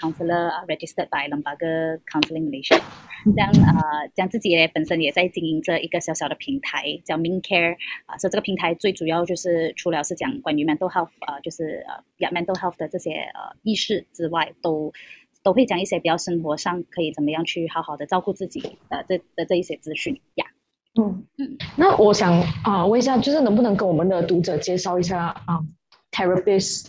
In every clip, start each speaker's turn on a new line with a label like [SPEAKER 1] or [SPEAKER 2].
[SPEAKER 1] Counselor、uh, registered by Lembaga Counseling Malaysia，將啊將自己咧本身也在經營着一個小小的平台叫 Minc. Care，啊、呃，所以這個平台最主要就是除了是講關於 mental health 啊、呃，就是啊、呃、mental health 的這些啊、呃、意識之外，都都會講一些比較生活上可以怎麼樣去好好的照顧自己啊、呃，這的這一些資訊呀。嗯
[SPEAKER 2] 嗯，嗯那我想啊、呃，問一下，就是能不能跟我們的讀者介紹一下啊、呃、，therapist？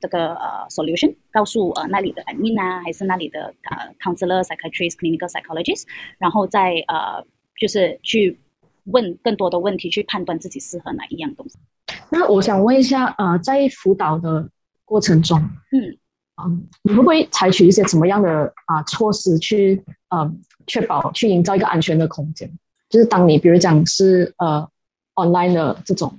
[SPEAKER 1] 這個呃、uh, solution，告訴呃、uh, 那裏的 admin 啊，還是那裏的呃、uh, counselor、psychiatrist、clinical psychologist，然後再呃、uh, 就是去問更多的問題，去判斷自己適合哪一樣東西。
[SPEAKER 2] 那我想問一下，呃在輔導的過程中，嗯，嗯，你會不會採取一些什麼樣的啊措施去，嗯，確保去營造一個安全的空間？就是當你，比如講是呃 online 的這種。